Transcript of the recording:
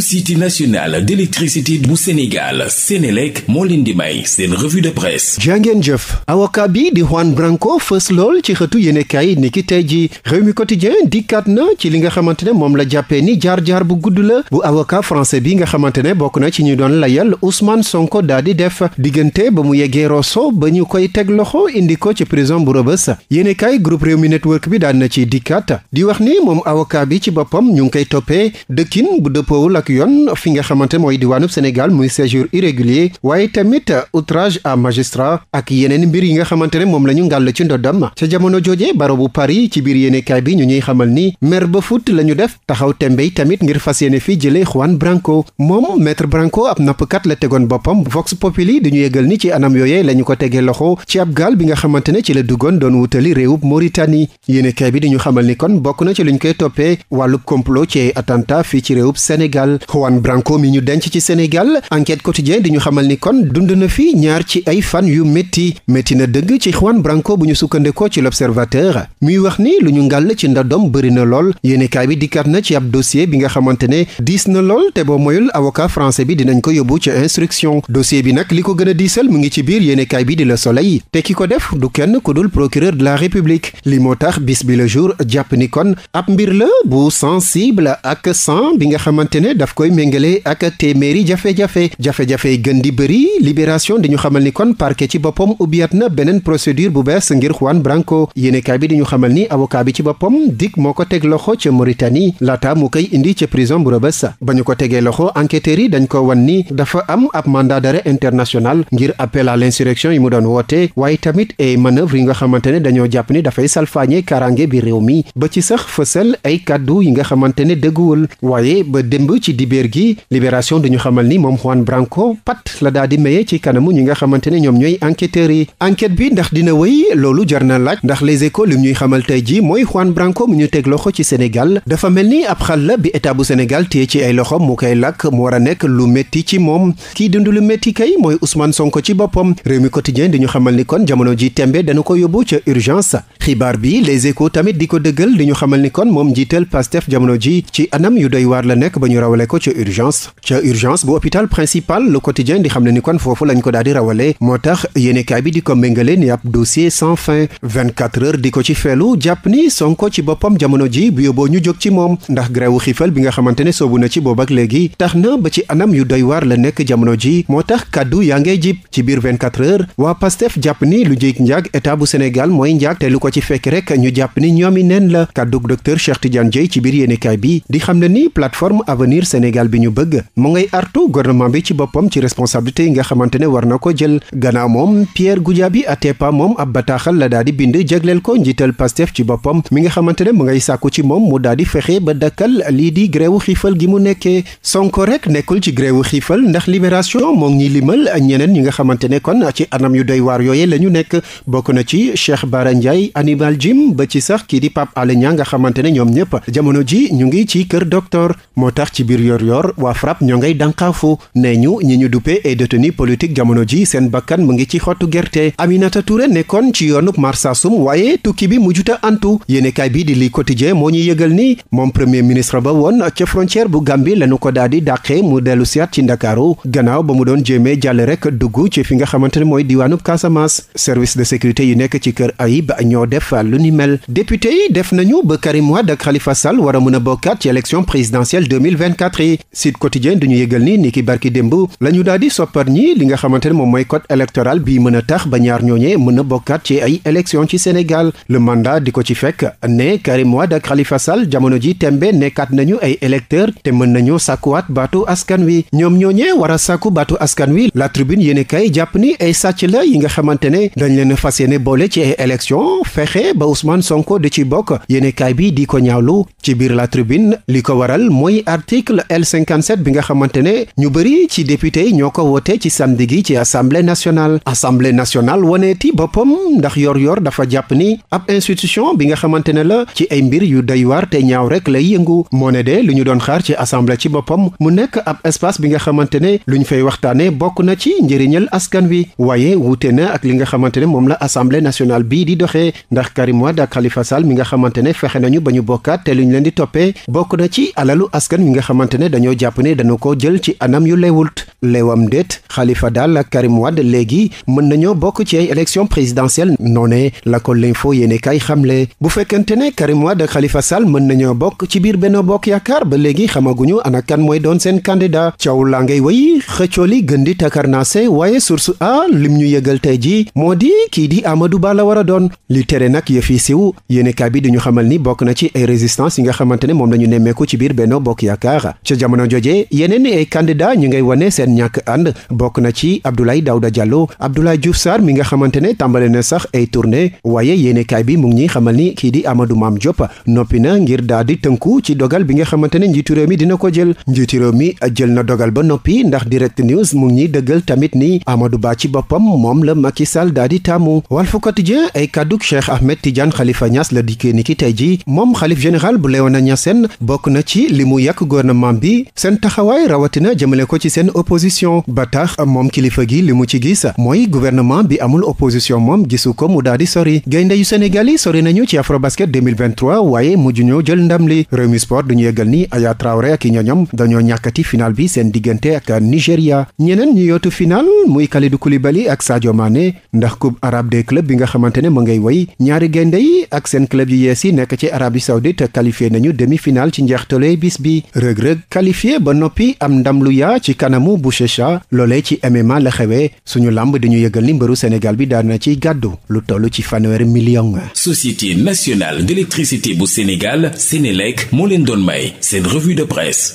société nationale d'électricité bu Sénégal Sénélec moo leen di may seen revue de presse jàngeen jëf avocat bi di Juan Branco fës lool ci xëtu yéenekaay yi ni ki tey ji réew mi quotidien dikkaat na ci li nga xamante ne moom la jàppee ni jaar-jaar bu gudd la bu avocat français bi nga xamante ne bokk na ci ñu doon layal Ousmane Sonko daal di def diggante ba mu yeggee Rosso ba ñu koy teg loxo indi ko ci prison bu Rebeuss yéenekaay groupe réew mi network bi daan na ci dikkaat di wax ni moom avocat bi ci boppam ñu ngi koy toppee dëkkin bu dëppoowul ak ak yoon fi nga xamante mooy diwaanub Sénégal muy séjour irrégulier waaye tamit outrage à magistrat ak yeneen mbir yi nga xamante ne moom la ñu ngàll ci ndoddam ca jamono jooje baro bu Paris ci biir yéenekaay bi ñu ñuy xamal ni mer ba fut la ñu def taxaw tembey tamit ngir fas yéene fi jëlee Juan Branco moom maître Branco ab nappkat la tegoon boppam Vox Populi di ñu yëgal ni ci anam yooyee la ñu ko tegee loxo ci ab gaal bi nga xamante ne ci la duggoon doon wutali réewub Mauritanie yéenekaay bi di ñu ni kon bokk na ci luñ koy toppee wàllub complot ci attentat fii ci réewub Sénégal Sénégal Juan Branco mi ñu denc ci Sénégal enquête quotidien di ñu xamal ni kon dund na fi ñaar ci ay fan yu métti métti na dëgg ci Juan Branco bu ñu sukkandekoo ci l'Observateur muy wax ni lu ñu ngàll ci ndadom bëri na lool yéenekaay bi dikkaat na ci ab dossier bi nga xamante ne diis na lool te boo moyul avocat français bi dinañ ko yóbbu ci instruction dossier bi nag li ko gën diisal mu ngi ci biir yéenekaay bi di Le Soleil te ki ko def du kenn ku dul procureur la République li moo bi la bu sensible ak sang bi nga xamante ne daf koy méngale ak téeméeri jafe-jafe jafe-jafe gën di bëri libération di ñu xamal ni kon parquet ci boppam ubbiyaat na beneen procédure bu bees ngir Juan Branco yéenekaay bi di ñu xamal ni avocat bi ci boppam dik moo ko teg loxo ca Mauritanie laata mu koy indi ca prison bu Rebeuss ba ñu ko tegee loxo enquêteurs yi dañ ko wan ni dafa am ab mandat d'arrêt international ngir appel à l'insurrection yi mu doon woote waaye tamit ay manœuvre yi nga xamante ne dañoo jàpp ni dafay salfaañe karange bi réew mi ba ci sax fësal ay kàddu yi nga xamante ne dëgguwul waaye ba démb ci dibeer gi libération dañu xamal ni moom Juan Branco pat la daa di maye ci kanamu ñi nga xamante ne ñoom ñooy enquêteurs yi enquête bi ndax dina wéy loolu jar na laaj ndax les écoles lim ñuy xamal tey ji mooy Juan Branco mu ñu teg loxo ci Sénégal dafa mel ni ab xal la bi état bu Sénégal téye ci ay loxo mu koy lakk mu war a nekk lu métti ci moom kii dund lu métti kay mooy Ousmane Sonko ci boppam réew mi quotidien dañu xamal ni kon ji tembe dañu ko yóbbu ca bi les échos di ko dëggal di ñu xamal ni kon jamono ji ci anam yu doy waar la rawale ko ca urgence ca urgence bu hôpital principal le quotidien di xam ne ni kon foofu lañ ko daal rawale moo tax yéenekaay bi di ko méngale ni ab dossier sans di ko ci feelu jàpp ni Sonko ci boppam jamono ji bu yóbboo ñu jóg ci moom ndax grèwu xiifal bi nga xamante ne soobu na ci boob ak léegi tax na ba ci anam yu doy waar la nekk jamono ji moo tax kàddu yaa ngay jib ci biir 24 heures waa Pastef jàpp ni lu jéeg njaag état bu Sénégal mooy njaag te lu ko ci fekk rek ñu jàpp ni ñoomi neen la kàddug docteur bi di xam ne ni Sénégal bi ñu bëgg mu ngay artu gouvernement bi ci boppam ci responsabilité yi nga xamante ne war na ko jël gannaaw moom Pierre Goudiaby Atepa moom ab bataaxal la daal di bind jagleel ko njiital Pastef ci boppam mi nga xamante ne mu ngay sàkku ci moom mu daal di fexe ba dakkal lii di gréewu xiifal gi mu nekkee Sonko rek nekkul ci gréewu xiifal ndax libération moo ngi limal ñeneen ñi nga xamante ne kon ci anam yu doy waar yooye la ñu nekk bokk na ci Cheikh Bara Ndiaye Hannibal Djim ba ci sax kii di Pape Alé Niang nga xamante ne ñoom ñëpp jamono ji ñu ngi ci biir yor-yor waa FRAPP ñoo ngay dànkaafu nee ñu ñi ñu duppee ay détenu politique jamono ji seen bakkan mu ngi ci xottu gerte Aminata Touré nekkoon ci yoonub marsasum waaye tukki bi mujjuta antu yéenekaay bi di li quotidien moo ñu yëgal ni moom premier ministre ba woon ca frontière bu Gambie lañu ko daal dàqee mu dellu siat ci Ndakaaru gannaaw ba mu doon jéemee jàll rek dugg ci fi nga xamante mooy diwaanub Casamance service de sécurité yi nekk ci kër Ayib ba Karim 2024 yi Sud Quotidien duñu yëgal ni ni ki barki démb la ñu daal di soppar ñi li nga xamante ne moom mooy code électoral bi mën a tax ba ñaar ñooñee mën na bokkaat ci ay élection ci Sénégal le mandat di ko ci fekk ne Karim Wade ak Khalifa Sall jamono ji tembe nekkaat nañu ay électeur te mën nañoo sàkkuwaat baatu askan wi ñoom ñooñee war a sàkku baatu askan wi la tribune yéen kay jàpp ni ay sàcc la yi nga xamante ne dañ leen fas yéene boole ci ay élection fexe ba Ousmane Sonko di ci bokk yéen bi di ko ñaawlu ci biir la tribune li ko waral article L57 bi nga xamante ne ñu bëri ci député yi ñoo ko wote ci samedi gi ci assemblée nationale assemblée nationale waneeti boppam ndax yor-yor dafa jàpp ni ab institution bi nga xamante ne la ci ay mbir yu doy waar te ñaaw rek lay yëngu moo ne de lu ñu doon xaar ci assemblée ci boppam mu nekk ab espace bi nga xamante ne lu ñu fay waxtaane bokk na ci njëriñal askan wi waaye wuute na ak li nga xamante ne moom la assemblée nationale bii di doxee ndax Karim Wade ak mi nga xamante ne fexe nañu ba ñu bokkaat te leen di toppee bokk na ci alalu askan xamante ne dañoo jàpp ne dañu ko jël ci anam yu leewult leewam déet Khalifa Sall ak Karim Wade léegi mën nañoo bokk ci ay élection présidentielle noo ne la ko l'info yéene kay xamle bu fekkente ne Karim Wade ak Khalifa Sall mën nañoo bokk ci biir benn Bokk Yaakaar ba léegi xamaguñu ana kan mooy doon seen candidat coow laa ngay wéy xëccoo li gën di takarnaase waaye source a lim ñu yëgal tey ji moo di kii di Amadou Ba la war a doon li tere nag yëf yi siw yéene kaay bi di ñu xamal ni bokk na ci ay résistance yi nga xamante ne moom la ñu nemmeeku ci biir Benno Bokk Yaakaar sax ca jamono jooje yeneen ay candidat ñu ngay wane seen ñàkk ànd bokk na ci Abdoulaye Daouda Diallo Abdoulaye Diouf Sarr mi nga xamante ne tàmbale na sax ay tournée waaye yéenekaay bi mu ngi xamal ni kii di Amadou Mame Diop noppi na ngir daal di tënku ci dogal bi nga xamante ne njiitu réew mi dina ko jël njiitu mi mi jël na dogal ba noppi ndax direct news mu ngi ñuy dëggal tamit ni amadu baa ci boppam moom la Macky Sall daal di taamu Walf Quotidien ay kàdduk Cheikh Ahmed Tidiane Khalifa la dikkee ni ki tey ji gouvernement bi seen taxawaay rawatina jëmale ko ci seen opposition ba tax moom kilifa gi li mu ci gis mooy gouvernement bi amul opposition moom gisu ko mu daal di sori gaynde yu Sénégal yi sori nañu ci Afrobasket 2023 waaye mujj ñoo jël ndam li Rewmi Sport duñu yëgal ni Aya Traoré ak i ñoñom dañoo ñàkkati final bi seen diggante ak Nigéria ñeneen ñu yootu final muy Kalidou Koulibaly ak Sadio Mané ndax coupe arabe des clubs bi nga xamante ne ma ngay woy ñaari gaynde ak seen yi nekk ci Arabie rëg qualifié ba noppi am ndam lu yaa ci kanamu bu Bouchecha loolee ci MMA la xewee suñu làmb dañu yëgal ni mbëru Sénégal bi daana ciy gàddu lu toll ci fanweeri million. Société nationale d'électricité bu Sénégal Sénélec moo leen doon may seen revue de presse.